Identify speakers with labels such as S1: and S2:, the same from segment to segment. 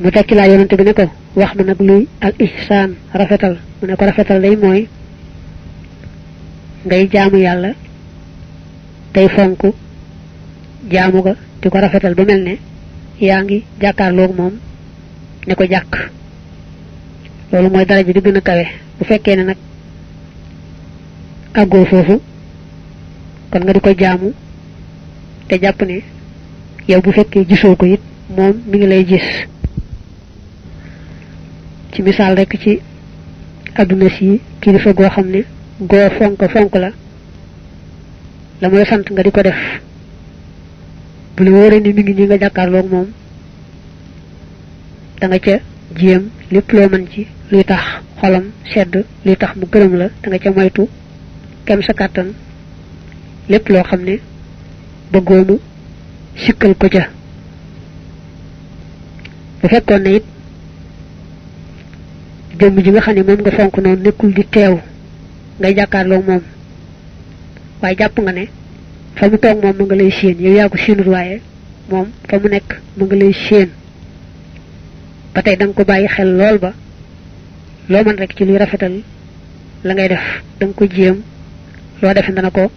S1: mu tekki laa yonante bi ne ko wax ma nag luy al ihsaan rafetal mu ne ko rafetal day mooy ngay jaamu yàlla tey fonk jaamu ga di ko rafetal ba mel ne yaa ngi jàkkaarloog moom ne ko jàkk loolu mooy daraja bi gën a kawe bu fekkee ne nag àggoo foofu kon nga di ko jaamu te jàpp ne yow bu fekkee gisoo ko it moom mi ngi lay gis ci misaal rekk ci àdduna si kilifa goo xam ne goo fonk fonk la la mooy sant nga di ko def bu la wóoree ni mi ngi nga jàkkaarloog moom da ca jéem lépp loo mën ci luy tax xolam sedd luy tax mu gërëm la da nga ca moytu kem sa kàttan lépp loo xam ne bëggoonu sikkal ko ca bu fekkoon ne it jëmm ji nga xam ne moom nga fonk noonu nekkul di teew ngay jàkkaarloog moom waaye jàpp nga ne fa mu toog moom mu nga lay séen yow yaa ko séenut waaye moom fa mu nekk mu nga lay séen ba tey danga ko bàyyi xel lool ba loo mën rek ci luy rafetal la ngay def danga ko jéem loo defe dana ko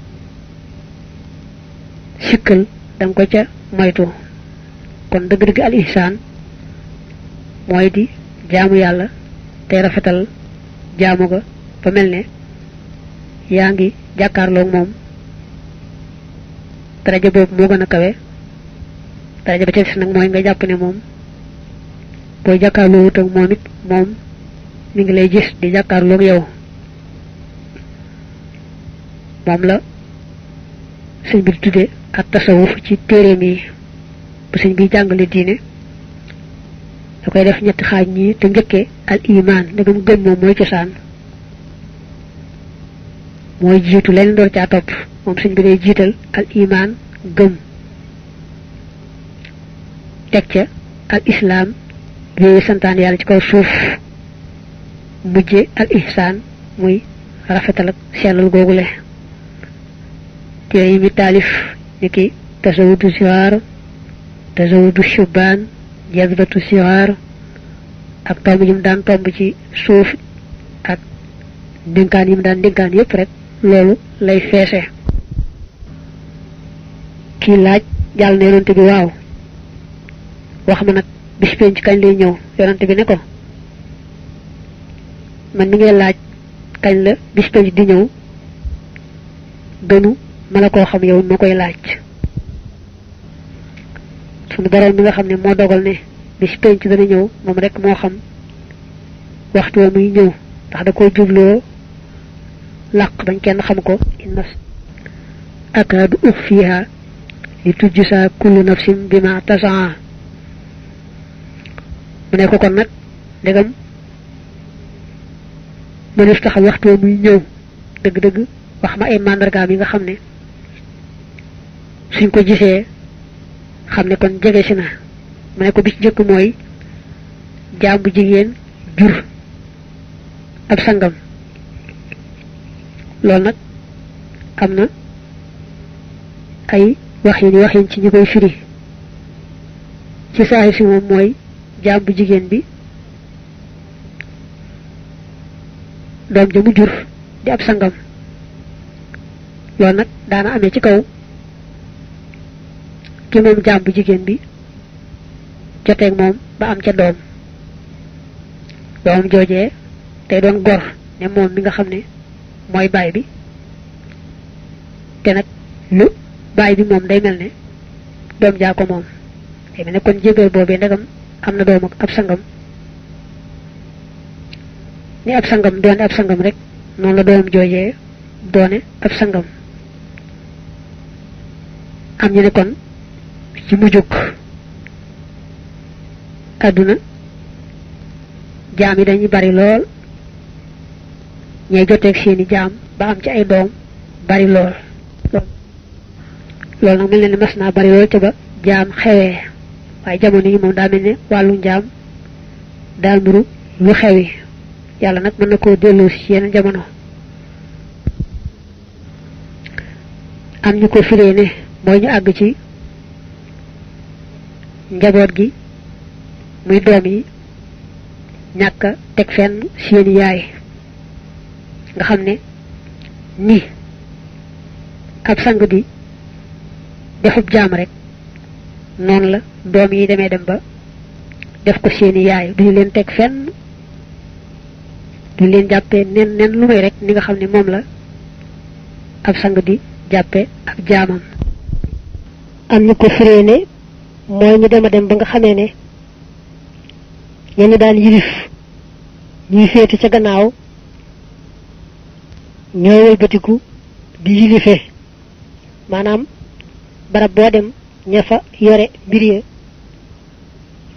S1: sikkal da ko ca moytu kon dëgg-dëgg al ihsaan mooy di jaamu yàlla te rafetal jaamu ga ba mel ne yaa ngi jàkkaarloog moom daraja boobu moo gën a kawe daraja ba ca des nag mooy nga jàpp ne moom booy jàkkaarloo wut ak moom moom mi ngi lay gis di jàkkaarloog yow moom la sëñ bi tudde ak tasawuf ci téeréem yi bu sëñ bi jàngale diine da koy def ñetti xaaj ñii te njëkkee al iman ndegam gëm moom mooy cosaan mooy jiitu leneen door caa topp moom sëñ bi day jiital al iman gëm teg ca al islam bi santaan yàlla ci kaw suuf mujje al ihsaan muy rafetal ak sellal googule téere yi mi taalif ni ki tasawudu ziwaar tasawudu shubaan jazbatu siraar ak pegg yi mu daan pegg ci suuf ak dénkaan yi mu daan dénkaan yépp rek loolu lay feese kii laaj jàll na yonante bi waaw wax ma nag bis penc kañ lay ñëw yonante bi ne ko man mi ngay laaj kañ la bis di ñëw gënu ma la koo xam yow ma koy laaj sunu borom bi nga xam mo dogal ne bi ci penc dana ñew mom rek mo xam waxtu mu ñew tax da koy jublo laq dañ kenn xam ko innas akaadu ufiha li kullu nafsin bima tasaa mu ne ko kon nak degam mo def tax waxtu mu ñew deug deug wax ma ay mandarga bi nga xamne suñ ko gisee xam ne kon jege si na ma ne ko bi ci njëkk mooy jaam bu jigéen jur ab sangam loolu nag am na ay wax yi wax yi ci ñu koy firi ci saahir si moom mooy jaam bu jigéen bi doom ja jur di ab sangam loolu nag daana amee ci kaw ci moom jaam bu jigéen bi joteeg moom ba am ca doom doomam joojee tey doon gor ne moom mi nga xam ne mooy baay bi te nag lu baay bi moom day mel ne doom jaa ko moom day mel ne kon jéggal boobee ndegam am na doom ak ab sangam ni ab sangam doone ab sangam rek noonu la doomam joojee doone ab sangam am ñu ne kon ci mu jóg àdduna jaam yi dañuy bari lool ñay joteeg seeni jaam ba am ci ay doom bari lool loolu nag mel na mas naa bari lool te ba jaam xewee waaye jamono yi moom daa mel ne wàllu njaam daal mburu lu yi yàlla nag mën na koo delloo yenn jamono am ñu ko firee ne mooy ñu àgg ci njaboot gi muy doom yi ñàkk teg fenn seen yaay nga xam ne ni ab sang bi defub jaam rek noonu la doom yi demee dem ba def ko seeni yaay duñu leen teg fenn duñu leen jàppee nen lu may rek ni nga xam ne moom la ab sang di jàppe ab jaamam am ñu ko firee mooy ñu dem a dem ba nga xamee ne ñooñu daan yilif ñuy féete ca gannaaw ñooy wëlbatiku di yilife maanaam barab boo dem ña fa yore mbir ya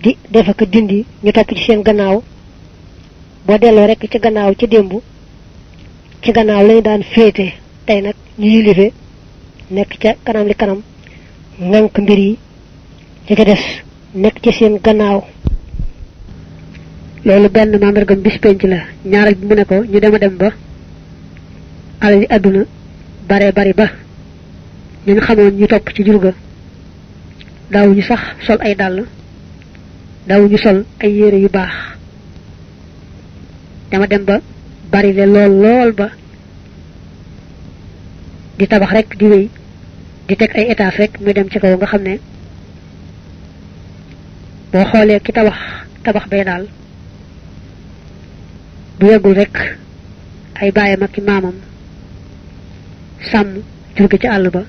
S1: di defa ko dindi ñu topp ci seen gannaaw boo delloo rekk ci gannaaw ci démb ci gannaaw lañu daan féete tey nag ñu yilife nekk ca kanam li kanam ngànk mbir yi ci def nek ci seen gannaaw loolu benn mandargam bis penc la ñaaral bi mu ne ko ñu dema dem ba alal yi àdduna bare bari ba ñun xamoon ñu topp ci jurga daaw ñu sax sol ay dàll daaw ñu sol ay yére yu baax dama dem ba bari le lool lool ba di tabax rek di wéy di teg ay étage rek muy dem ci kaw nga xam ne boo xoolee ki tabax tabax bee daal bu yàggul rek ay baayam ak i maamam sàmm jur gi ci àll ba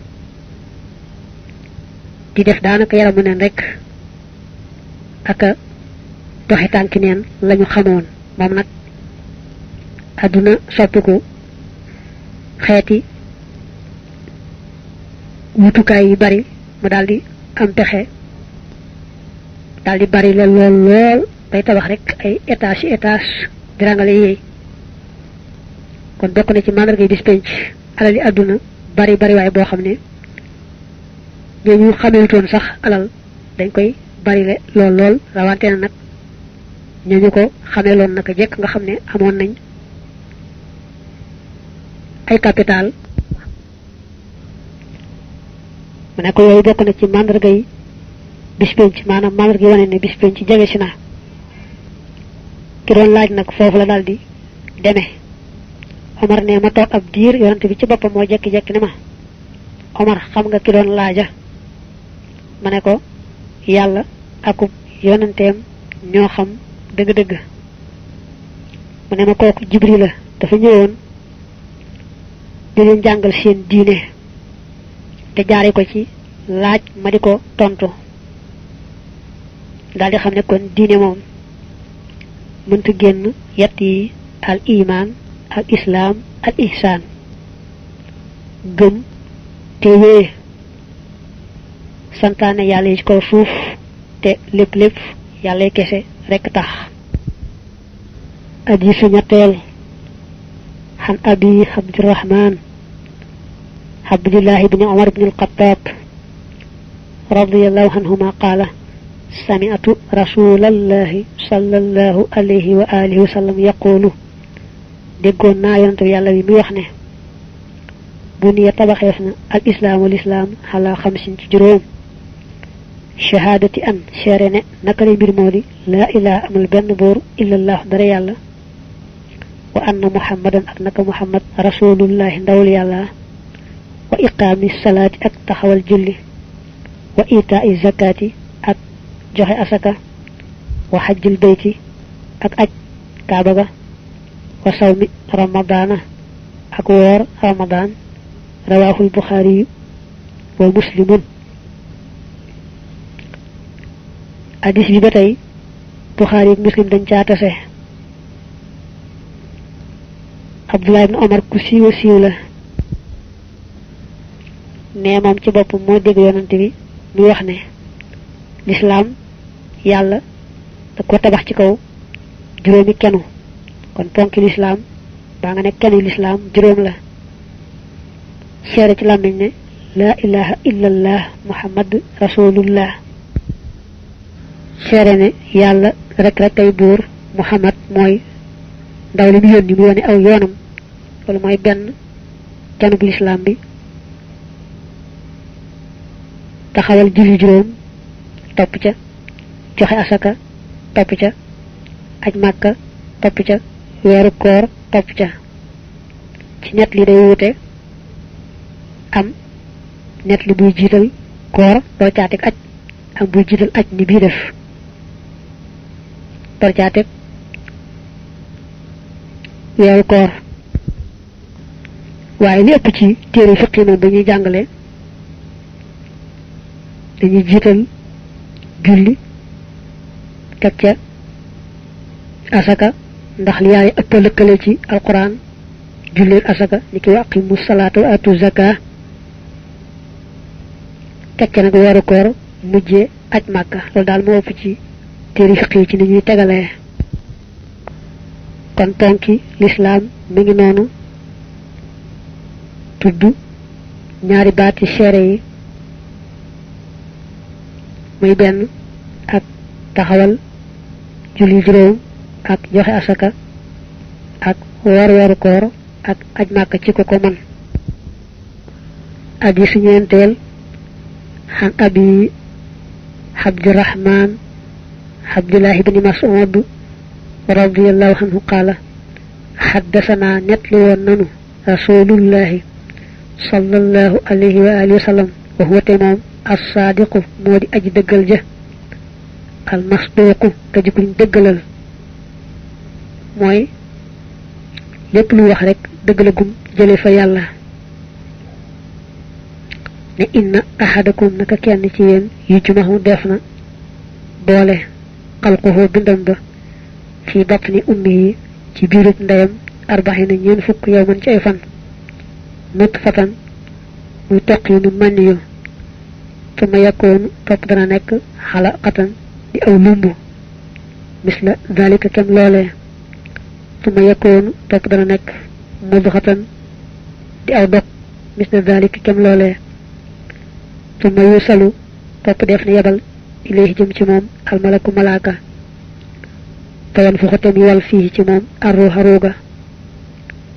S1: di def daanaka yaramu neen rek ak a doxe tànki neen lañu xamoon moom nag àdduna soppiku xeeti wutukaay yi bari mu daal di am pexe dal di bari lol lol lol day tabax rek ay étage étage dirangalé yi kon bokk na ci mandarga bis penc alal aduna bari bari bo xamné ñu ñu xamé ton sax alal dañ koy bari lé lol lol rawante nak ñu ñooñu ko lon nak jek nga xamné amon nañ ay capital mané ko yoy bokk na ci mandarga yi bis penc manam mandarga wone ne bis penc jage ci na ki don laaj nak fofu la daldi deme omar ne ma tok ab dir yonent bi ci bopam mo jek jek ne ma omar xam nga ki don laaja mané ko yalla aku yonentem ño xam deug deug mané ma koku jibril la dafa ñewoon di jangal seen diine te jaaré ko ci laaj ma diko tontu dal di xamne kon diine mom mënta génn yett al iman al islam al ihsan gëm te santane yalla ci ko suuf te lepp lepp yalla kese rek tax aji su ñettel han abi abdurahman abdullah ibni omar ibn alxataab radiallahu anhuma سمعت رسول الله صلى الله عليه وآله وسلم يقول دقونا ينتبه الله بيوخنا بني طبق الإسلام والإسلام على خمسين تجروم شهادة أن شارنا نكري برمودي لا إله أم البنبور إلا الله دري الله وأن محمدا أبنك محمد رسول الله دولي الله وإقام الصلاة أكتح والجل وإيتاء الزكاة joxe asaka wa xajjul bayti ak aj kaaba ga wa sawmi ramadaana ak woor ramadaan rawaahul buxaari wa muslimun hadis bi ba tey buxaari ak muslim dañ caa tase abdullah omar ku siiwa siiw la nee moom ci bopp moo dégg yonante bi muy wax ne lislaam yalla da ko tabax ci kaw juroomi kenu kon ponki l'islam ba nga ne kenu l'islam juroom la seere ci lamiñ ne la ilaha illallah muhammad rasulullah seere ne yalla rek rek kay bur muhammad moy, ndaw li mu yónni mu wone aw yoonam loolu mooy benn kenub l'islam bi taxawal julli ca joxe asaka pepp ca aj màkka pepp ca weeru koor pepp ca ci net li day wute am net li buy jiital koor doo caatek aj am buy jiital aj ni bii def doo caatek weeru koor waaye li ëpp ci téere fiqi moom dañuy jàngale dañuy jiital julli teg asaka ndax li yaay ëpp lëkkale ci alquran julleen asaka ni koy aqimu salaata wa atu zaka teg ca nag weeru koor aj màkka loolu daal moo ëpp ci téere ci ni ñuy tegale kon tonki lislaam mi ngi noonu tudd ñaari baati seere yi muy benn ak taxawal julli juróom ak joxe asaka ak woor wooru koor ak aj màkk ci ko ko man aji si ñeenteel xan abi abdurahman abdullahi bni mas'ud radiallahu anhu qaala xaddasana nett li woon nanu rasulullahi sallallahu alayhi wa alihi wa sallam wa huwa te moom assaadiqu moo di aji dëggal ja al masduqu te jikko kuñ moy lepp lu wax rek jele fa yalla ne inna ahadakum naka kenn ci yeen yu ci mahu defna dole xalquhu bindam ba fi batni ummi ci biirub ndayam arbahina ñeen fukk yow man ci ay fan nut fatan muy toq yu nu mànni yu ثم di aw lumb misla dalika kem loolee suma yekkoonu topp dana nekk mudxatan di aw dog misla dalika kem loolee suma yusalu topp def na yebal ilayhi jëm ci moom almalaku malaaka fayan fu xotem wal fii ci moom arruha ruuga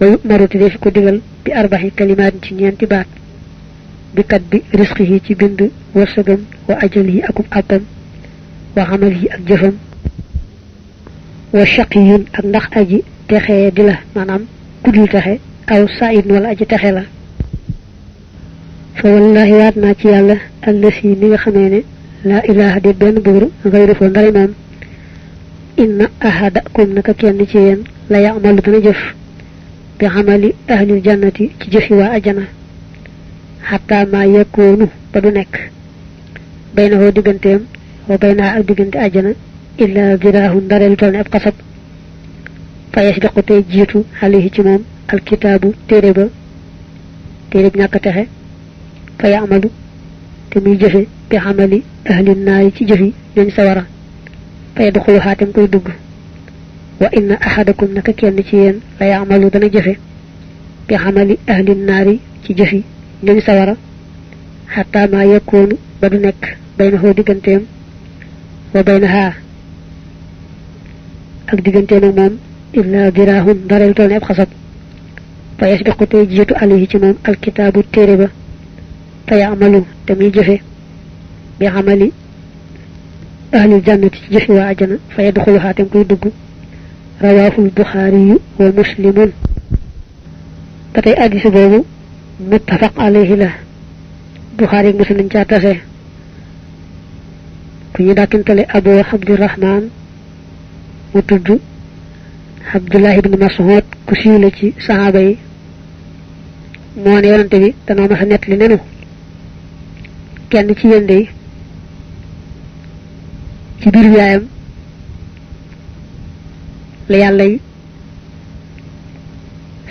S1: wa yu'maru te def ko digal bi arbaxi kalimaat ci ñeenti baat bi kat bi risqihi ci bind wërsëgam wa ajalihi akum àppam وعمله الجفن وشقي النخ أجي تخي دلا منام كل تخي أو سائر ولا أجي تخيلا فوالله وعدنا كي الله الذي نيخنين لا إله دبن بور غير فندر إمام إن أحدكم نكاكي النجيين لا يعمل تنجف بعمل أهل الجنة كي جفوا أجنة حتى ما يكون بدونك بينه ودقنتهم وبينها الدجنت أجنا إلا ذراه دار الجنة قصب فيشدق تيجيتو عليه تمام الكتاب تيريبا تيريب ناكته فيعمل تمي جفي بعمل أهل النار تجفي من سورا فيدخل حاتم كل دب وإن أحدكم نككي النشيين فيعمل دن جفي بعمل أهل النار تجفي من سورا حتى ما يكون بدنك بينه ودقنتهم وبينها اك ديغنتي نك موم الا دراهم دارل تون اب خصت فايش بقتي جيتو عليه تي موم الكتاب تيريبا فيعملو تمي جفه بعملي اهل الجنه جحوا اجنا فيدخل حاتم كوي دغ رواه البخاري ومسلم تاي اديس بوبو متفق عليه لا بخاري مسلم جاتاسه ku ñu dàkkintale abu abdurahman mu tudd abdullah ibn mas'ud ku siiw ci saxaaba yi moo ne yonante bi danoo mas a nettali nenu kenn ci yéen de ci biir yaayam la yàlla yi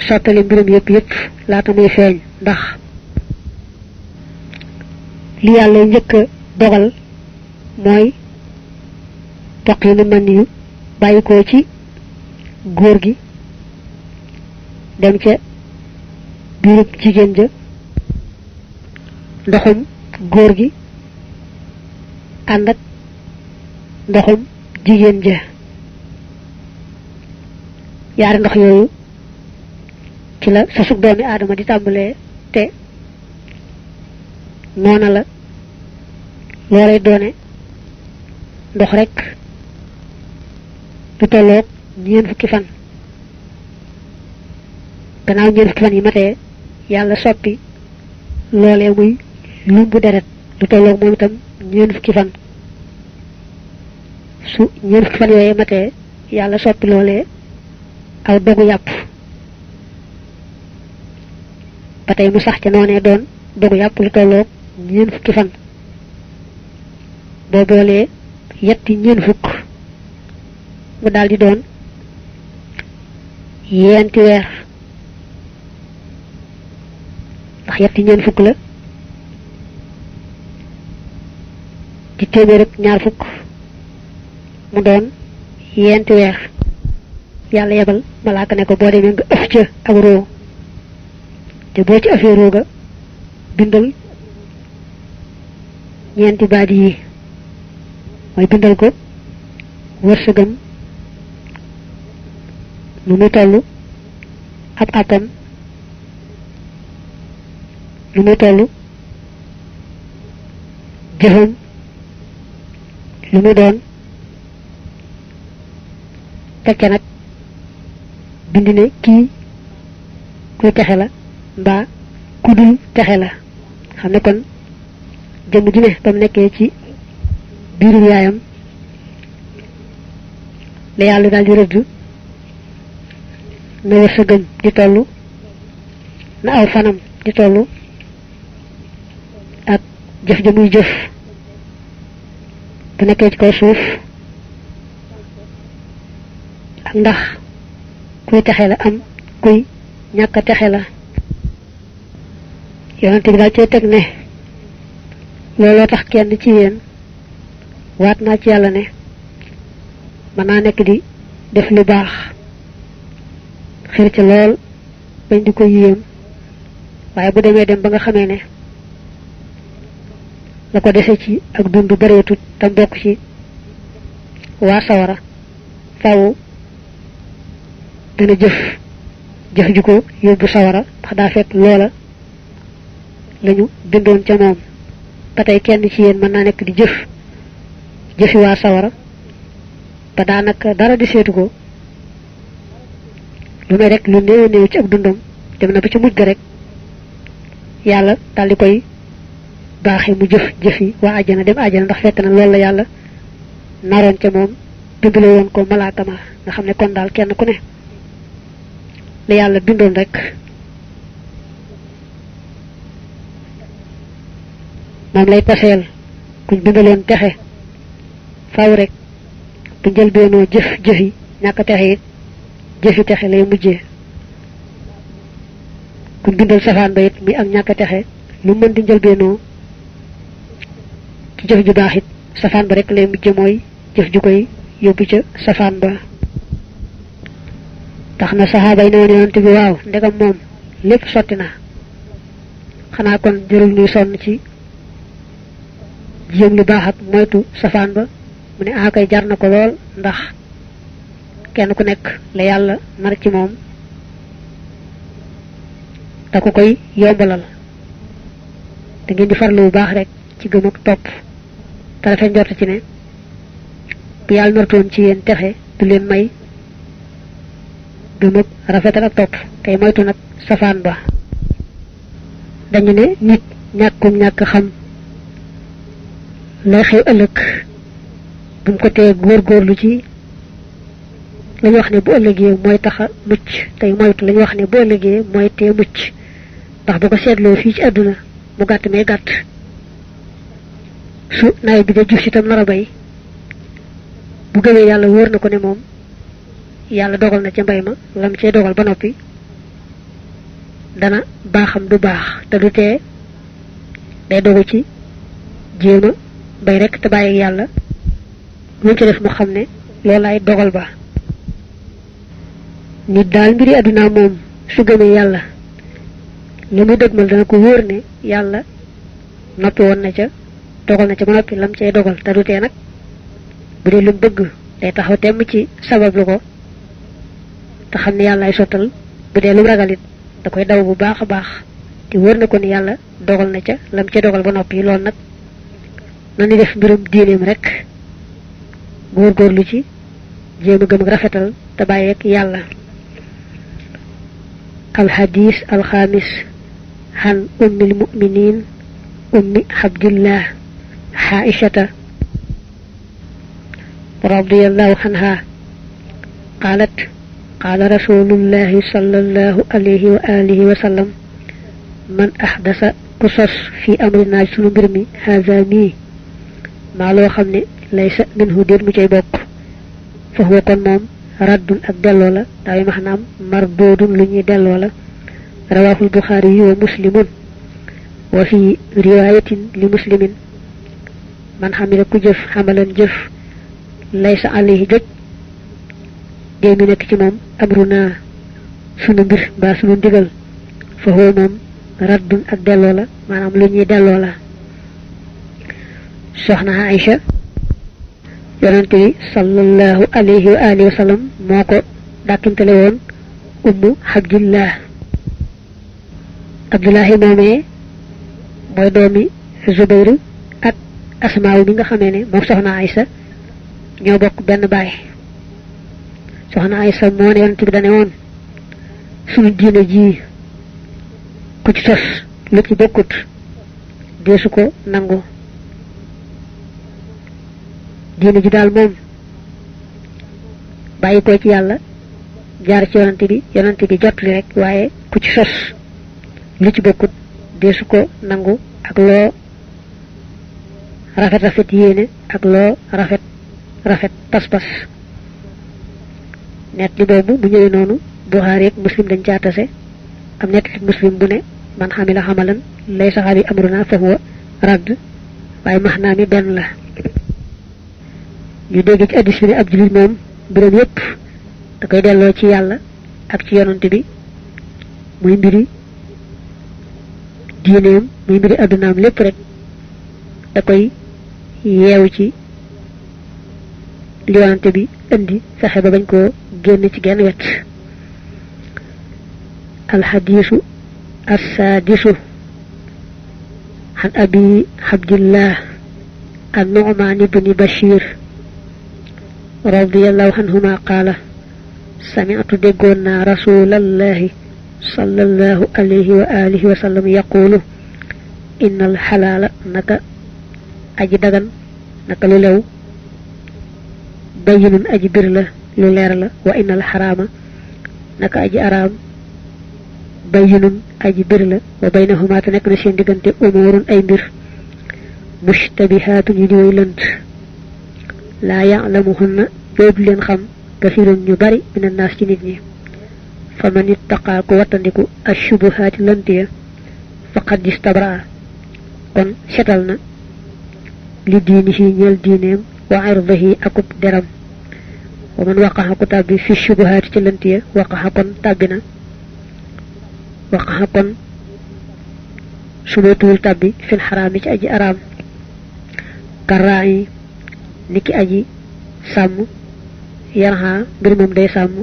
S1: sottali mbirum yëpp yëpp laata muy feeñ ndax li yàlla njëkk dogal mooy toqinu man yu bayu ci góor gi dem ca biirub jigéen ja ndoxum góor gi ànd ak ndoxum jigéen ja yaari ndox yooyu ci la doomi aadama di tàmbalee te noona la loolay doone ndox rek du tolloog ñeen fukki fan gannaaw ñeen fukki fan yi matee yàlla soppi loolee muy lumbu deret du tolloog moom itam ñeen fukki fan su ñeen fukki fan yooyee matee yàlla soppi loolee aw dogu yàpp ba tey mu sax ca noonee doon dogu yàpp lu tolloog ñeen fukki fan boo boolee yetti ñeen fukk mu daldi doon yenti weer ndax yetti ñeen fukk la ci téeméer ak ñaar fukk mu doon yenti weer yàlla yebal malaaka ne ko boo demee nga ëf ca ak roo te boo ci ëfee roo ga bindal ñeenti baat yi mooy bindal ko wërsëgam nu muy toll ab atam nu muy tollu jëfam lu doon tekke nag bindi kii kuy texe la mbaa ku dul la xam ne kon jëmm ji ba mu nekkee ci biru yaayam la yàlla daal di rëdd na wër sa di toll na aw fanam di toll ak jëf ja muy jëf bu nekkee ci kaw suuf ak ndax kuy texe la am kuy ñàkk a texe la yonente bi daal cee teg ne looloo tax kenn ci yéen waat naa ci yàlla ne mën nekk di def lu baax xir ca lool bañ di ko yéem waaye bu demee dem ba nga xamee ne la ko dese ci ak dund bareetu tam bokk ci waa sawara faw dana jëf jëf ju ko yóbbu sawara ndax daa fekk loola lañu bindoon ca moom ba kenn ci yéen mën naa nekk di jëf jëfi waa sawara ba daanaka dara di seetu ko lu may rek lu néew néew ci ab dundam dem na ba ci mujj ga rek yàlla daal di koy baaxee mu jëf jëfi waa àjjana dem àjjana ndax fekk na loolu la yàlla naroon ca moom bindule woon ko malaakama nga xam ne kon daal kenn ku ne la yàlla bindoon rek moom lay paseel kuñ binduloon texe faw rek bu njëlbeenoo jëf jëfi ñàkk texe it jëfi texe lay mujjee ku bindal safaan ba it muy ak ñàkk texe lu mën di njëlbeenoo ci jëf ju baax it safaan ba rek lay mujje mooy jëf ju koy yóbbu ca safaan ba tax na saxaaba yi ne bi waaw ndegam moom lépp sotti na xanaa kon jërul ñuy sonn ci jéem lu baax ak moytu safaan ba mu ne ah jar na ko lool ndax kenn ku nekk la yàlla mar ci moom da ko koy yombalal da ngeen di farlu bu baax rek ci gëmuk ak topp te rafet njort ci ne bu yàlla nartoon ci yéen texe du leen may gëm ak rafetal ak topp tey moytu nag safaan ba dañu ne nit ñàkkum ñàkk xam lay xew ëllëg bu mu ko tee góorlu ci la wax ne bu ëllëgee mooy taxa a mucc tey moytu la wax ne bu ëllëgee mooy tee mucc ndax bu ko seetloo fii ci àdduna mu gàtt may gàtt su nawet bi da jub si tam nar a bay bu gëmee yàlla wóor na ko ne moom yàlla dogal na ca mbay ma lam cee dogal ba noppi dana baaxam du baax te du tee day dogu ci jéema bay rek te bàyyi yàlla lu ci def mu xam ne loolaay dogal ba nit daal mbiri àdduna moom su gëmee yàlla li muy dëgmal dana ko wóor ne yàlla noppi woon na ca dogal na ca ba noppi lam cay dogal te nag bu dee lu day taxaw temm ci sabab lu te xam ne yàllaay sottal bu dee da koy daw bu baax a baax te na ko ni yàlla dogal na ca lam ca dogal ba noppi loolu nag na ñu def mbirum diineem rek góorgóorlu ci jéema gëm rafetal te bàyyeeg yàlla alxadis alxamis xan ummi lmuminin ummi xabdillah xaaishata رضي الله hanha قالت قال رسول الله صلى الله عليه وآله وسلم من أحدث قصص في أمرنا سنبرمي هذا مي ما لو خمني min hu dir mu cey bok fa huwa kon moom raddun ak delloo la daay maxnaam mardoodun lu ñuy la wa muslimun wa fi riwayatin li muslimin man hamila ku hamalan jef lay sa alayhi jek de mi nek ci mom abruna sunu bir ba sunu digal fa huwa mom raddun ak la maanaam lu ñuy delloo la yonent bi sallallahu alayhi wa alihi wa sallam moo ko dàkkantale woon ummu abdullah abdullahi moomee mooy doomi zubayru ak asmaaw bi nga xamee ne moom soxna aysa ñoo bokk benn baay soxna aysa moo ne yonent bi dane woon suñu diine ji ku ci sos lu ci bokkut deesu ko nangu diine ji daal moom bàyyi ko ci yàlla jaar ci yonante bi yonante bi jot rek waaye ku ci sos li ci bokkut deesu ko nangu ak loo rafet rafet yéene ak loo rafet rafet pas-pas net li boobu bu ñëwee noonu buxaari ak muslim dañ caa tase am net muslim bu ne man xamila xamalan lay saxaabi amruna fa huwa radd waaye max naa mi benn la ñu dégg ci hadith bi ak julit moom mbiram yépp da koy delloo ci yàlla ak ci yonante bi muy mbiri diineem muy mbiri addunaam lépp rek da koy yeewu ci li yonante bi indi fexe ba bañ koo génn ci genn wet alxadiisu assaadisu an abi عبد an النعمان بن bashir radiallahu anhuma qaala sami'tu déggoon naa rasulallahi sallallahu alayhi wa alihi wa sallam yaqulu innal xalaala naka aji dagan naka lu lew bayinun aji bir la lu leer la wa innal xaraama naka aji araam bayinun aji bir la wa baynahuma te nekk na seen diggante umuurun ay mbir mushtabihaatun yu di way lënt laa ya'lamuhunna dootu leen xam kasiran ñu bari mina naas ci nit ñi fa man ittaqaa ku wattandiku ashubuhaati lënt ya faqad istabraa kon setal na li diini si diineem wa irdihi akub deram wa man waqaxa ku tàbbi fi shubuhaati ci lënt ya waqaxa kon tàbbi na waqaxa kon suba tuul tàbbi fil xaraam yi ci araam karraa yi niki aji sàmm yarxa mbir moom day sàmm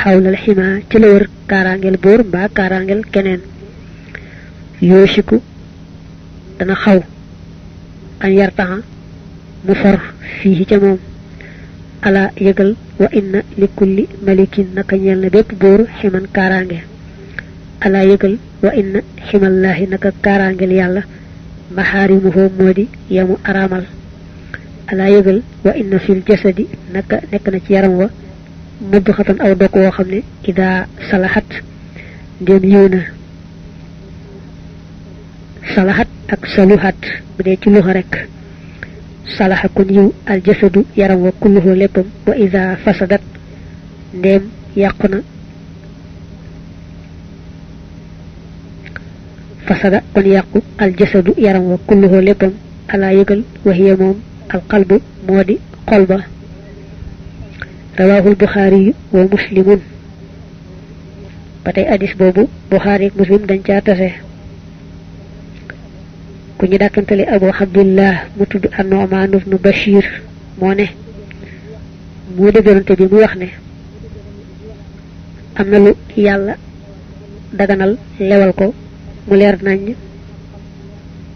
S1: xawlal xima ci la wër kaaraangeel boor mbaa kaaraangeel keneen yooshiku dana xaw an yartaxa mu for fii ca moom ala yëgal wa inna li kulli naka ñeel na bépp buur ximan moo di yamu araamal alaa yëgal wa inna fil jasadi naka nekk na ci yaram wa mudxatan aw dog woo xam ne ida salahat ndéem yiw na salahat ak saluhat bu dee ci luxa rek salaha kon yiw al jasadu yaram wa kulluhu léppam wa ida na fasada kon yàqu al jasadu yaram wa kulluhu léppam alaa yëgal waxiya moom al qalbu modi xol ba rawahul bukhari wa muslimun batay hadith bobu bukhari ak muslim dañ ca tassé ku ñu dakantale abu abdullah mu tuddu an-nu'man nu bashir mo ne mo deugalante bi mu wax ne amna lu yalla daganal lewal ko mu leer nañ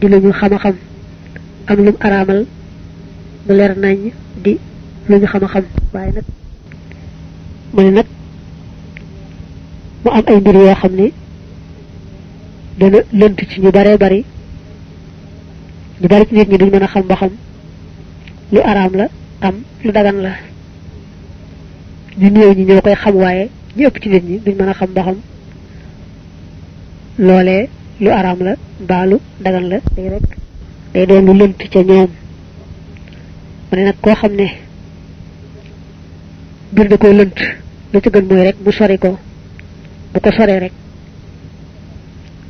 S1: di lu ñu xama xam am lu aramal lu leer nañ di lu ñu xam xam waaye nag mu ne nag mu am ay mbir yoo xam ne dana lënt ci ñu bare bari ñu bari ci nit ñi duñ mën a xam ba xam lu araam la am lu dagan la ñu néew ñi ñoo koy xam waaye ñu ci nit ñi duñ mën a xam ba xam loolee lu araam la mbaa dagan la day rek day doon lu lënt ca ñoom mané nak ko xamné dund ko leunt da la ci gën moy rek bu sori ko bu ko sori rek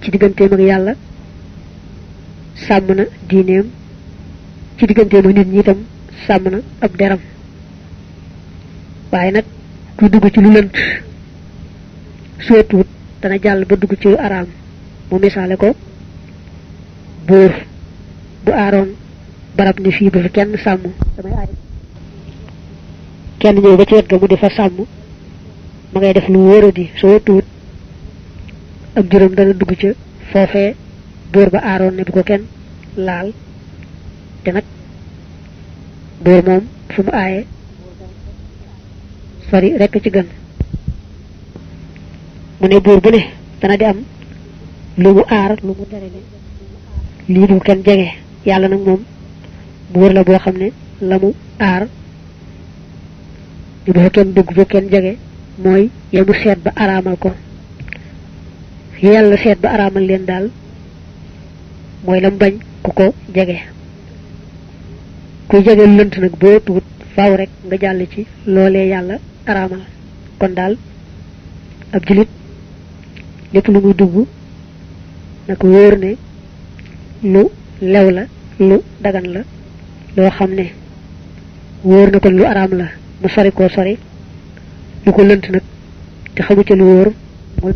S1: ci digënté mak yalla samna na ci digënté mo nit ñi tam samna ak deram waaye nag dugg ci lu leunt sootuut dana jall ba dugg ci aram mu misalé ko bu aron barab ni fii bu fi kenn sàmm damay aay kenn ñëw ba ci wet ga mu di fa sàmm ma ngay def lu wóor di soo tuut ak juróom dana dugg ca foofee buur ba aaroon ne bu ko kenn laal te nag buur moom fu mu aaye sori rekk ci gën mu ne buur bu ne dana di am lu mu aar lu mu tere lii bu kenn jege yàlla nag moom buur la boo xam ne la mu aar di bu kenn dugg bu kenn jege mooy yamu seet ba araamal ko ya yàlla seet ba araamal leen daal mooy lam bañ ku ko jege kuy jege lënt nag boo tuut faaw rek nga jàll ci loolee yàlla araamal kon daal ab julit lépp lu muy dugg nag wóor ne lu lew la dagan la lo xamne wóor na ko lu aram la mu sori ko sori lu ko lënt nak te xamu ci lu wóor mu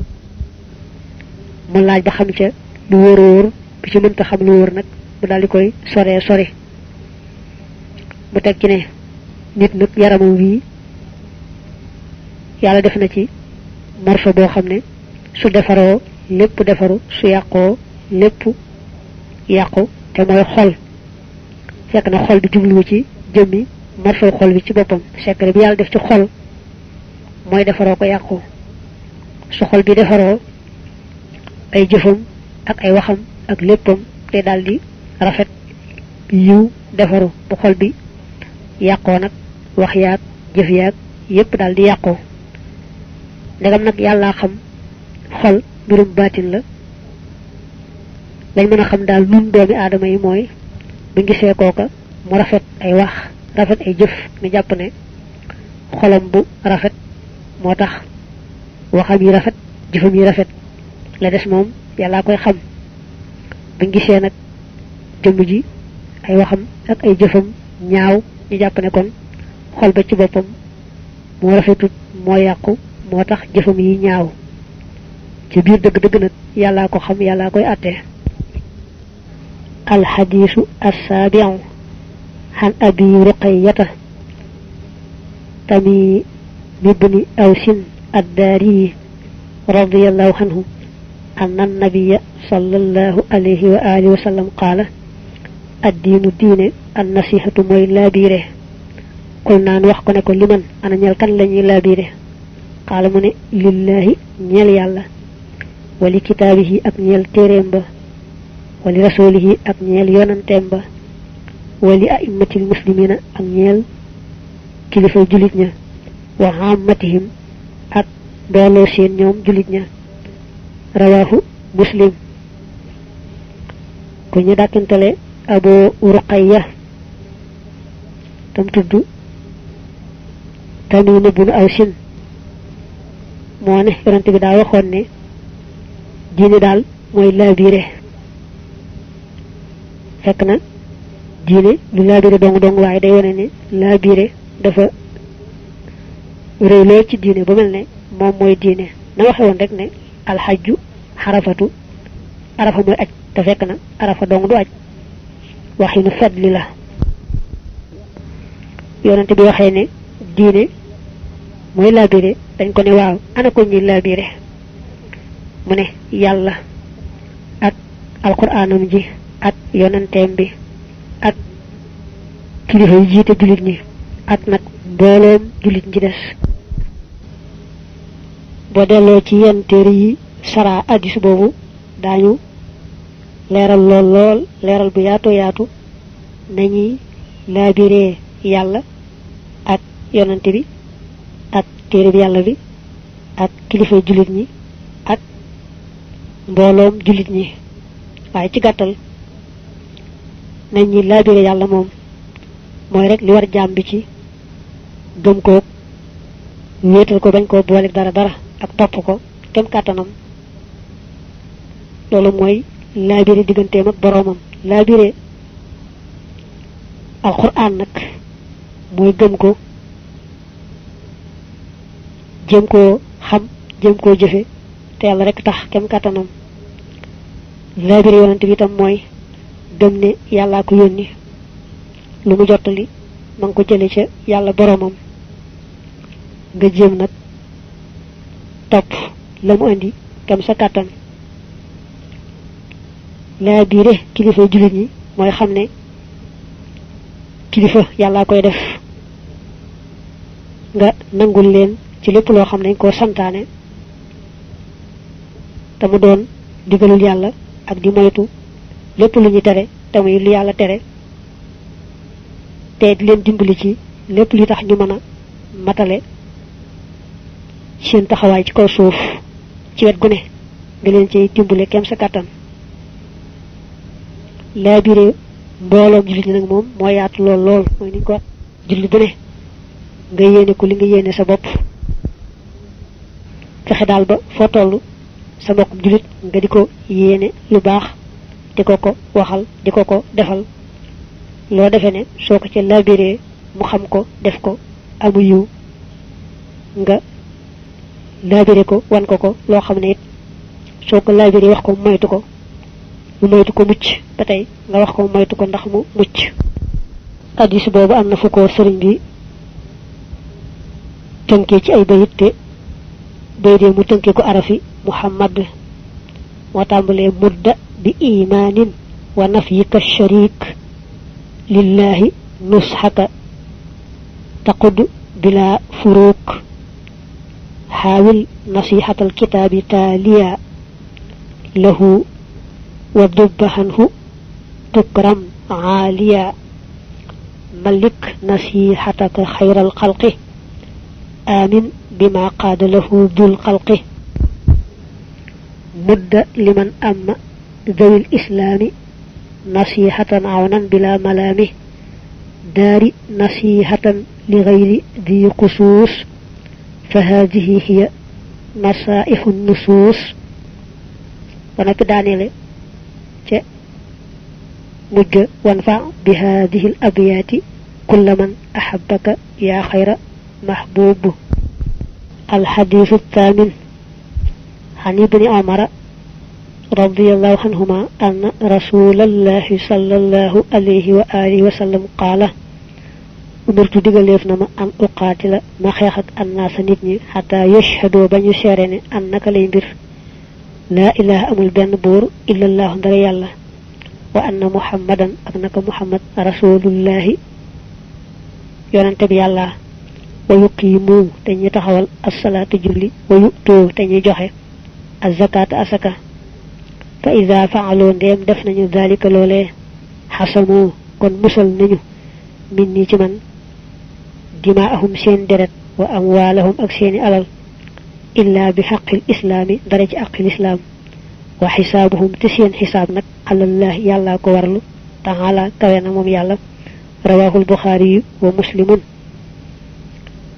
S1: mu laaj ba xam ci lu wóor wóor bi ci mënta xam lu wóor nak mu dal di koy sori sori mu tek ci ne nit nak yaramam wi yàlla def na ci marfa bo xamne su defaro lépp defaru su yaqo lépp yaqo te moy xol fekk na xol bi jubluwu ci jëmmi marfal xol bi ci boppam secret bi yàlla def ci xol mooy defaroo ko yàqu su xol bi defaroo ay jëfam ak ay waxam ak léppam te daal di rafet yiw defaru bu xol bi yàqoo nag wax yaag jëf yaag yépp daal di yàqoo ndegam nag yàllaa xam xol mbirum baatin la lañ mën a xam daal nun doomi aadama yi mooy bu gisee kooka mu rafet ay wax rafet ay jëf mi jàpp ne xolam bu rafet moo tax waxam yi rafet jëfam yi rafet la des moom yàllaa koy xam buñ gisee nag jëmm ji ay waxam ak ay jëfam ñaaw ñu jàpp ne kon xol ba ci boppam moo rafetut moo yàqu moo tax jëfam yi ñaaw ci biir dëgg-dëgg nag yàllaa ko xam yàllaa koy àttee الحديث السابع عن أبي رقية تمي بن أوس الداري رضي الله عنه أن النبي صلى الله عليه وآله وسلم قال الدين الدين النصيحة موي لا بيره قلنا نوحك نكو لمن أنا نيال كان لني لا بيره قال من لله نيل يالله ولكتابه أك نيال به wali rasulihi ak ñeel yonanteem ba wali aimatil muslimina ak ñeel kilifa julit ña wa ammatihim ak mbooloo seen ñoom julit ña rawahu muslim ku ñu dàkkantale abu ruqayya tam tudd tamim ibnu awsin moo ne yonante bi daa waxoon ne diine daal mooy labiré fekk na diine du laabire dong dong waaye day wane ne laabire dafa réy lool ci diine ba mel ne moom mooy diine na waxe woon rek ne alxajju xarafatu arafa mooy aj te fekk na arafa dong du aj waxinu fadli la yonente bi waxee ne diine mooy laabire dañ ko ne waaw ana ko ñuy laabire mu ne yàlla ak alquraanam ji at yonenteem bi at kilifa yi jiite julit ñi at mat mbooleem julit ñi des boo delloo ci yenn téere yi sara addis boobu daañu leeral lool lool leeral bu yaatu yaatu nañuy laabiree yàlla ak yonante bi at téere bi yàlla bi ak kilifa julit ñi ak mbooloom julit ñi waaye ci gàttal nañ ñi laabire yàlla moom mooy rek li war jaam bi ci gëm ko wéetal ko bañ koo boole dara dara ak topp ko kem kàttanam loolu mooy laabire digganteem ak boroomam laabire alxuraan nag mooy gëm ko jëm koo xam jëm koo jëfe te yàlla rek tax kem kàttanam laabire yonent bi itam mooy gëm ne yàllaa ko yónni lu mu jottali mang ko jële ca yàlla boromam nga jëm nag topp la mu andi kam sa kàttan laa biire kilifa julit ñi mooy xam ne kilifa yalla koy def nga nangul leen ci lépp loo xam ne dañ santaane te mu ak di moytu lépp lu ñu tere te muy lu yàlla tere te di leen dimbali ci lépp li tax ñu mën a matale seen taxawaay ci kaw suuf ci wet gu ne nga leen ciy dimbale kem sa kàttan laa biré mbooloo jullit ñi nag moom moo yaatu lool lool mooy ni ñu ko jullit bu ne nga yéene ko li nga yéene sa bopp fexe daal ba foo toll sa mbokkum jullit nga di ko yéene lu baax diko ko waxal diko ko defal lo defé né soko ci labiré mu xam ko def ko amu yu nga labiré ko wan ko ko lo xamné soko labiré wax ko moytu ko mu moytu ko mucc batay nga wax ko moytu ko ndax mu mucc hadis bobu amna fu ko serigne bi tanké ci ay bayit mu tanké ko arafi muhammad mo tambalé mudda بإيمان ونفيك الشريك لله نصحك تقد بلا فروق حاول نصيحة الكتاب تاليا له ودبهنه عنه تكرم عاليا ملك نصيحتك خير الخلق آمن بما قاد له ذو الخلق مد لمن أم ذوي الإسلام نصيحة عونا بلا ملامه دار نصيحة لغير ذي قصوص فهذه هي نصائح النصوص ونك دانيلي تي مج وانفع بهذه الأبيات كل من أحبك يا خير محبوب الحديث الثامن عن ابن عمر رضي الله عنهما أن رسول الله صلى الله عليه وآله وسلم قال أمرت دقليف نما أن أقاتل ما خيخك الناس نتني حتى يشهدوا بني سيرين أنك لينبر لا إله أم البن بور إلا الله دري الله وأن محمدا أبنك محمد رسول الله يرنتبي الله ويقيموا تنيتها الصلاة جبلي ويؤتوا تنيجوها الزكاة أسكه فإذا فعلوا ديم دفنا نيو ذلك لولي حسموا كون مسل نيو من نيجمان دماءهم سين درت وأموالهم أكسين ألل إلا بحق الإسلام درج حق الإسلام وحسابهم تسين حسابنا على الله يلا كوارلو تعالى كوانا مم يلا رواه البخاري ومسلم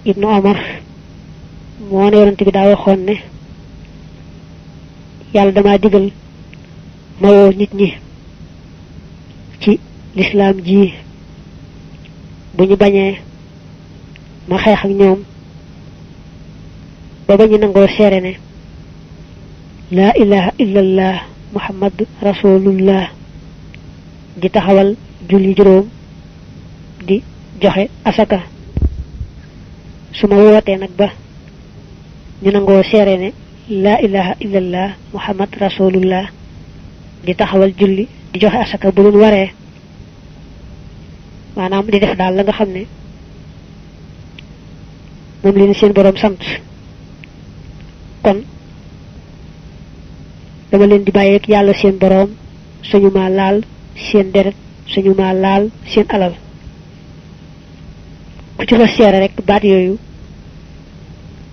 S1: ابن عمر موانا يرنتي بداوة خونة يلا دما ديجل mayo nit ñi ci l'islam ji bu ñu bañee ma xex ak ñoom ba bañu nango xéré né la ilaha illallah muhammad rasulullah di taxawal julli juroom di joxe asaka suma wote nak ba ñu nango xéré né la ilaha illallah muhammad rasulullah di taxawal julli di joxe asaka bu leen waré manam di def dal la nga xamné mom li seen borom sant kon dama leen di ak yalla seen borom suñu ma laal seen deret suñu ma laal seen alal ku ci rek baat yoyu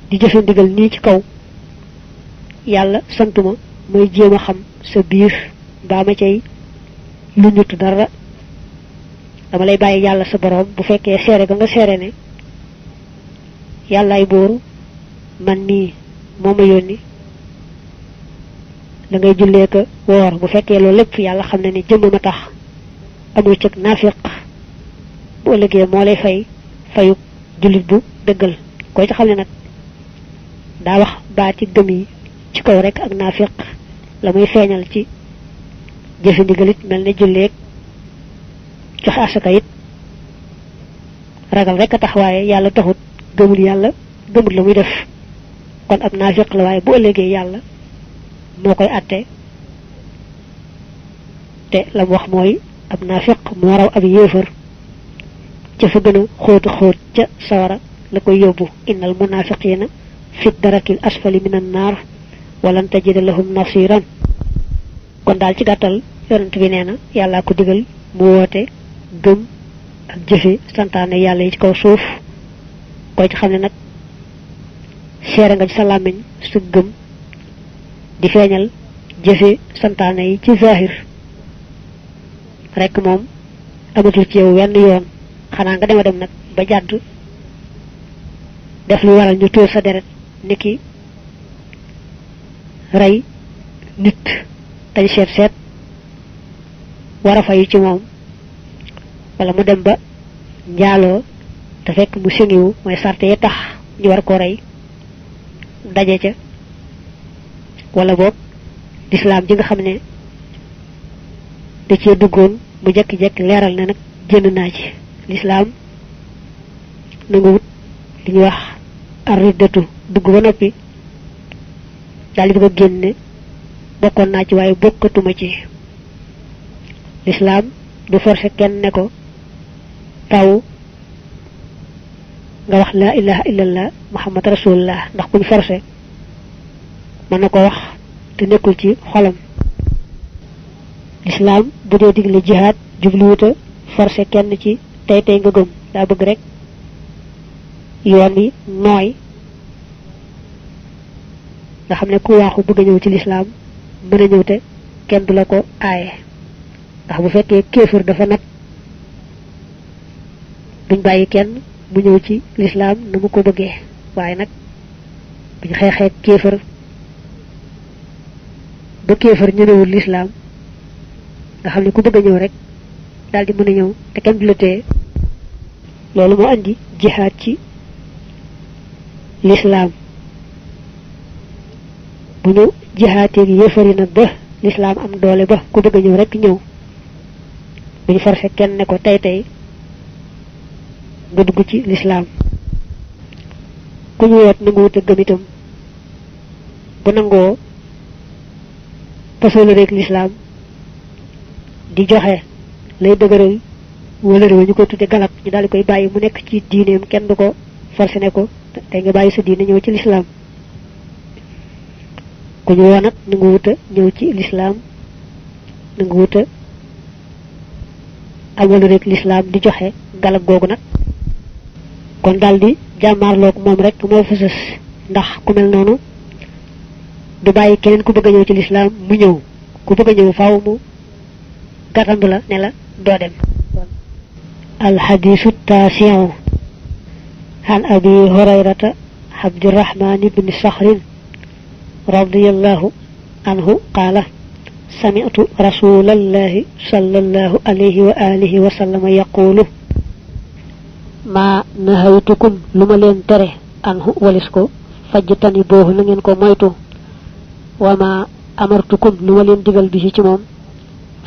S1: di jëfë ndigal ni ci kaw yalla santuma mooy jéem xam sa biir baa ma cay lu dara dama lay bàyyi yàlla sa borom bu fekkee seere ga nga seere ne yàllaay buur man mii moo ma yónni da ngay woor bu fekkee loolu lépp yàlla xam na ni jëmm ma tax amoo cëg naafiq bu ëllëgee moo lay fay fayu jullit bu dëggal koy ci xam ne nag daa wax baati gëm yi ci kaw rek ak naafiq la muy feeñal ci jëfe ndigal it mel ne julleeg joxe asaka it ragal rek a tax waaye yàlla taxut gëmul yàlla gëmul la muy def kon ab naafiq la waaye bu ëllëgee yàlla moo koy atte te la mu wax mooy ab naafiq moo raw ab yéefar ca fa gën a xóotu xóot ca sawara la koy yóbbu innal munafiqina fi darakil asfali min an naar walan tajida lahum nasiran kon daal ci gàttal yonent bi nee na yàllaa ko digal mu woote gëm ak jëfe santaane yàlla yi ci kaw suuf koy ci xam ne nag seere nga ci sa làmmiñ su gëm di feeñal jëfe santaane yi ci zahir rekk moom amatul ci yow wenn yoon xanaa nga dema dem nag ba jàdd def lu waral ñu tuur sa deret niki rey nit dañ set set wara a fayu ci mom wala mu dem ba njaaloo te fekk mu singiwu moy sarté ya tax ñu war ko ray dajé ca wala bok islam ji nga xamné da ci duggoon mu jekki-jekki leeral na nak génn na ci na nga wut li wax arriddatu dugg ba noppi daal di bëgg génne bokkoon naa ci waaye bokkatuma ci lislaam du forcé kenn ne ko taw nga wax laa ilaha illallah muhammad rasulullah ndax kuñ forcé mën na ko wax te nekkul ci xolam lislaam bu dee digle jihaad jubluwuta forcé kenn ci tey tey nga gëm daa bëgg rek yoon wi nooy nga xam ne ku waaxu bëgg ñëw ci lislaam mën a ñëw te kenn du la ko aaye ndax bu fekkee kéefër dafa nag duñ bàyyi kenn mu ñëw ci lislaam na mu ko bëggee waaye nag buñ xeexee kéefër ba kéefër ñëwewul lislaam nga xam ne ku bëgg a ñëw rek daal di mën a ñëw te kenn du loolu moo andi jihaad ci lislaam bu jihati ak yeufari nak ba l'islam am doole ba ku bëgg ñëw rek ñew buñu forcé kenn ne ko tay tay nga dugg ci l'islam ku ñu wat nanguwut a gëm itam bu nangoo pasolu rek l'islam di joxe lay dëgëral wala rew ñu ko tudde galap ñu dal koy bayyi mu nekk ci am kenn du forcé ne ko tay nga bayyi sa diiné ci l'islam ku ñu woo nag nangu wuta ñëw ci lislaam nangu wuta amalu rek lislaam di joxe galak googu nag kon daldi di jàmmaarloog moom rek moo fa ndax ku mel noonu du bàyyi keneen ku bëgg ñëw ci lislaam mu ñëw ku bëgg a ñëw faaw mu gàttandu la ne la doo dem alxadiisu taasiu an abi hurayrata abdirahman ibni sahrin رضي الله عنه قال سمعت رسول الله صلى الله عليه وآله وسلم يقول ما نهيتكم لما لين تره عنه ولسكو فجتني بوه نين كو مويتو وما أمرتكم لما لين دقل به جموم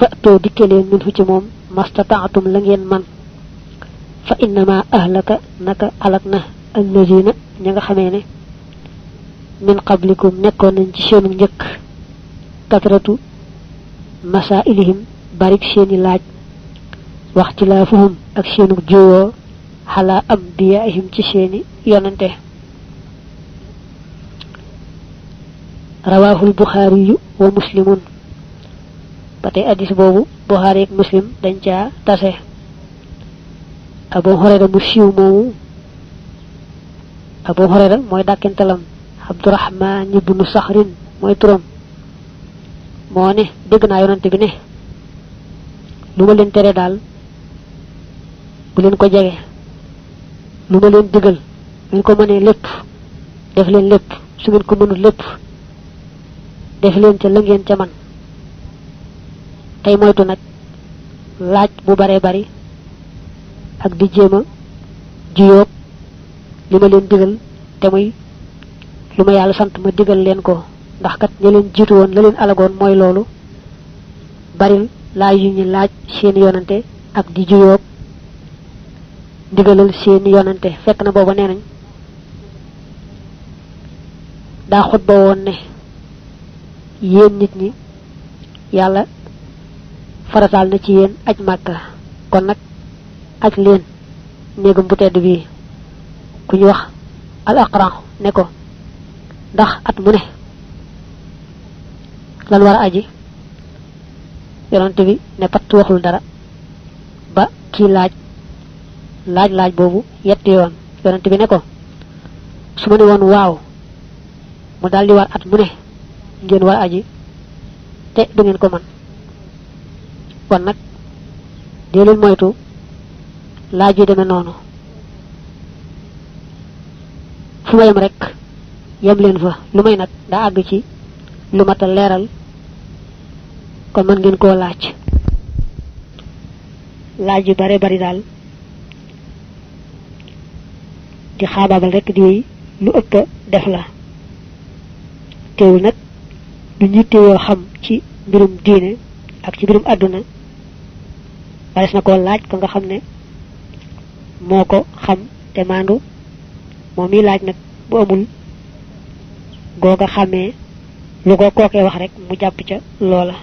S1: فأتو دكلين منه جموم ما استطعتم لين من فإنما أهلك نك علقنا الذين نغا min qablikum nekkoon nañ ci seenu njëkk katratu masailihim barik seeni laaj wax ci laafuhum ak seenu jiwoo xala ambiyaihim ci seeni yonante rawahu al-bukhari wa muslimun patay hadith bobu bukhari ak muslim dañ ca tase abu hurayra bu siiw moomu abu hurayra mooy dàkkintalam abdurrahman ibn sahrin moy turam mo ne deg na yonent bi ne luma len tere dal bu len ko jégué luma len digal ñu ko mané lepp def len lepp su ngeen ko mënul lepp def len ci la ngeen ci man tay moytu nak laaj bu bare bari ak di jema jiyok lima len digal te muy lu yàlla sant ma digal leen ko ndax kat ña leen jiitu woon la leen alagoon mooy loolu baril laaj yu ñu laaj seen yonante ak di juyóog digalal seen yonante fekk na booba nee nañ daa xutba woon ne yéen nit ñi yàlla farataal na ci yéen aj màkka kon nag aj leen néegam bu tedd bii ku ñu wax al aqran ne ko ndax at mu ne lan war aji yonante bi ne pat waxul dara ba ki laaj laaj laaj bobu yetti yoon yonante bi ne ko suma ma ne woon waaw mu daldi war at mu ne ngeen war aji te du ngeen ko man kon nak dee moytu laaj yi deme nonu fu rek yem leen fa lu may nag daa àgg ci lu mat a leeral kon mën ngeen koo laaj laaj yu bare bari daal di xaabaabal rek di lu ëpp def la teewul nag lu ñittewoo xam ci mbirum diine ak ci mbirum àdduna wares na koo laaj ko nga xam ne moo ko xam te maandu moom mi laaj nag bu amul googa xàmmee lu ko kookee wax rek mu jàpp ca loola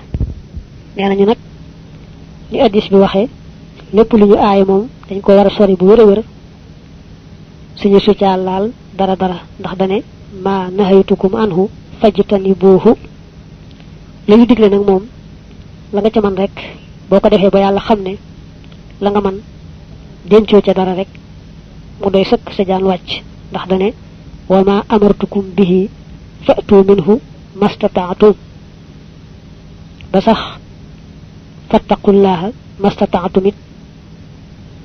S1: nee nañu nag ni addis bi waxee lépp lu ñu aaye moom dañ ko war a sori bu wér a wér suñu succaal laal dara dara ndax dane ma maa nahaytukum anhu fajtanibuuhu la ñu digle nag moom la nga ca man rek boo ko defee ba yàlla xam ne la nga man dencoo ca dara rek mu doy sëkk sa jaan wàcc ndax dane wa ma amartukum bihi فأتوا منه ما استطعتم بصح فاتقوا الله ما استطعتم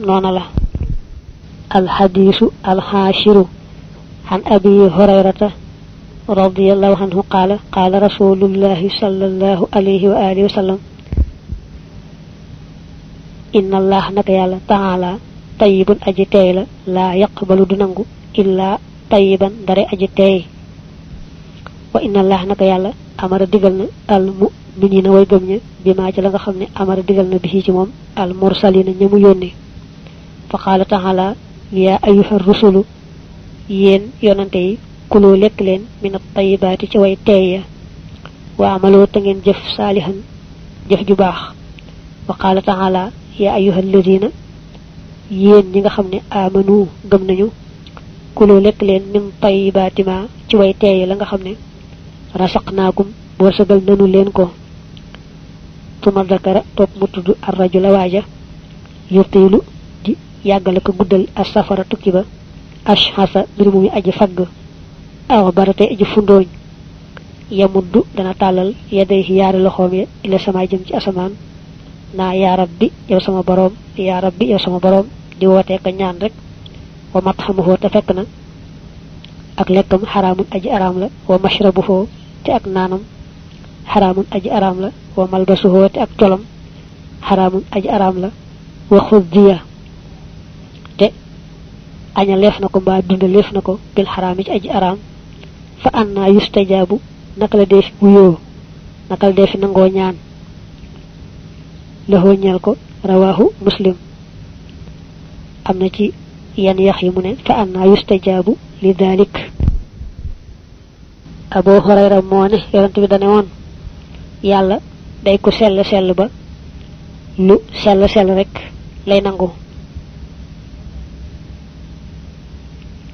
S1: نون الله الحديث الحاشر عن أبي هريرة رضي الله عنه قال قال رسول الله صلى الله عليه وآله وسلم إن الله نكيال تعالى طيب أجتيل لا يقبل دننغ إلا طيبا دري أجتيل wa inna allah naka yàlla amara digal na al mu'minina way gëm ña bi ci la nga xam ne amara digal na bi ci moom al mursalina ña mu yónni fa qaala taala yaa ayyuha rusulu yéen yonante yi kuloo lekk leen min tayibaati ci way teey ya wa amaloo te ngeen jëf saalihan jëf ju baax wa qaala taala yaa ayyuha alladina yéen ñi nga xam ne amanu gëm nañu kuloo lekk leen min tayibaati ma ci way teey la nga xam ne rasaqnaakum wërsagal nanu len ko tuma dakara top mu tudd arrajula waja yurtiilu di yagal ko guddal as safara tukki ba ashhasa mbir mu aji fag aw barate aji fundoñ yamuddu dana talal yaday yar loxoom ya ila sama jëm ci na na ya rabbi yow sama borom ya rabbi yow sama borom di wote ko ñaan rek wa matxamuhoo ta fekk na ak lekkam xaraamun aji aram la wa mashrabuhoo te ak naanam xaraamun aji araam la wa malbasuhoo te ak colam xaraamun aji araam la wa xuddiya te aña leef na ko mbaa dunda leef na ko bil xaraami ci aji araam fa anna yustajaabu naka la dee fi wuyoo naka la dee fi nangoo ñaan laxoo ñeel ko rawaahu muslim am na ci yan yax yi mu ne fa anna yustajaabu li dalik Abu Hurayra moo ne yonent bi dane woon yàlla day ko sell sell ba lu sell sell rek lay nangu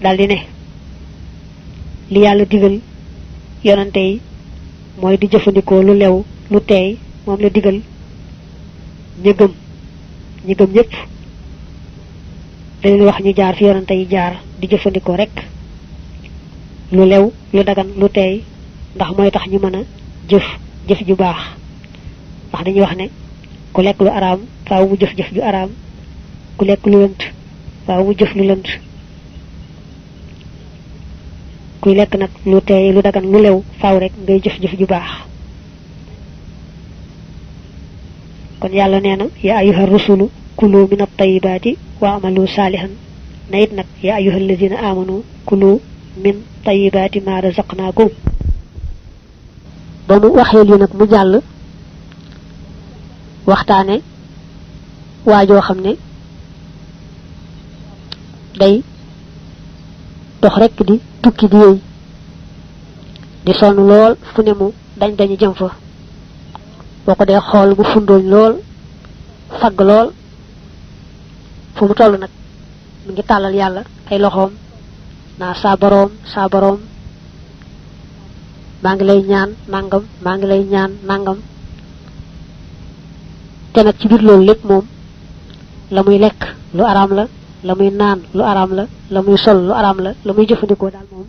S1: daldi ne li yàlla digal yonante yi mooy di jëfandikoo lu lew lu teey moom la digal ñi gëm ñi gëm wax ñu jaar fi yonante yi jaar di jëfandikoo rek lu lew lu dagan lu teey ndax mooy tax ñu mën a jëf jëf ju baax ndax dañuy wax ne ku lekk lu araam faaw mu jëf jëf ju araam ku lekk lu lënt faaw mu jëf lu lënt kuy lekk nag lu teey lu dagan lu lew faaw rek ngay jëf jëf ju baax kon yàlla nee na yaa ayyuha rusulu kulu min at tayibaati wa amalu saalihan na it nag yaa ayyuha alladina amanu kulu min tayibaati ma razaqnaakum ba mu waxee lii nag mu jàll waxtaane waajoo xam ne day dox rekk di tukki di yëy di sonn lool fu ne mu dañ dañu jëm fa boo ko dee xool mu fundooñ lool fagg lool fu mu toll nag mu ngi tàllal yàlla ay loxoom naa saa boroom saa maa ngi lay ñaan nangam maa ngi lay ñaan nangam te nag ci biir loolu lépp moom la muy lekk lu araam la la muy naan lu araam la la muy sol lu araam la la muy jëfandikoo daal moom